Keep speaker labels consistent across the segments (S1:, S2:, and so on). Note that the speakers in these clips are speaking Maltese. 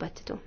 S1: dibattitu.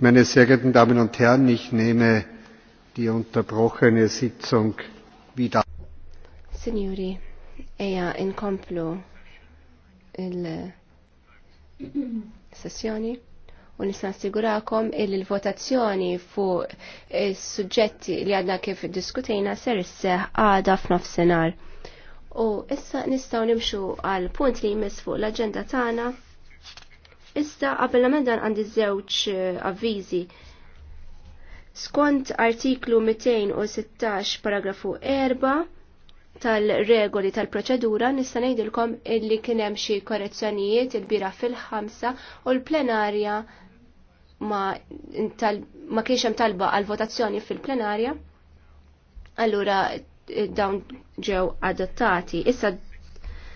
S2: Meine sehr geehrten Damen und Herren, ich nehme die unterbrochene Sitzung wieder.
S1: Signori, eja inkomplu
S2: il-sessjoni
S1: u nisna sigurakom il l-votazzjoni fu il-sujġetti li għadna kif diskutejna ser isseħ għada senar. U issa nistaw nimxu għal punt li jmiss fuq l-agenda tagħna Issa qabel l-emendan għandi żewġ eh, avviżi. Skont artiklu 216 paragrafu 4 tal-regoli tal-proċedura nista' ngħidilkom illi kien hemm xi korrezzjonijiet il-bira fil-ħamsa u l-plenarja ma, ma kienx hemm talba għal votazzjoni fil-plenarja. Allura eh, dawn ġew adottati. Issa